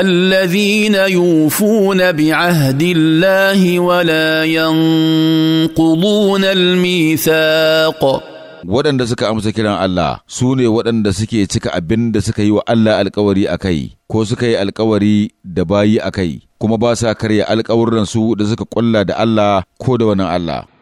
الذين يوفون بعهد الله ولا ينقضون الميثاق waɗanda suka amsa kiran Allah su ne waɗanda suke cika abin da suka yi wa Allah alkawari a kai, ko suka yi alkawari da bayi a kai, kuma ba sa karya alkawurransu da suka ƙulla da Allah ko da wani Allah.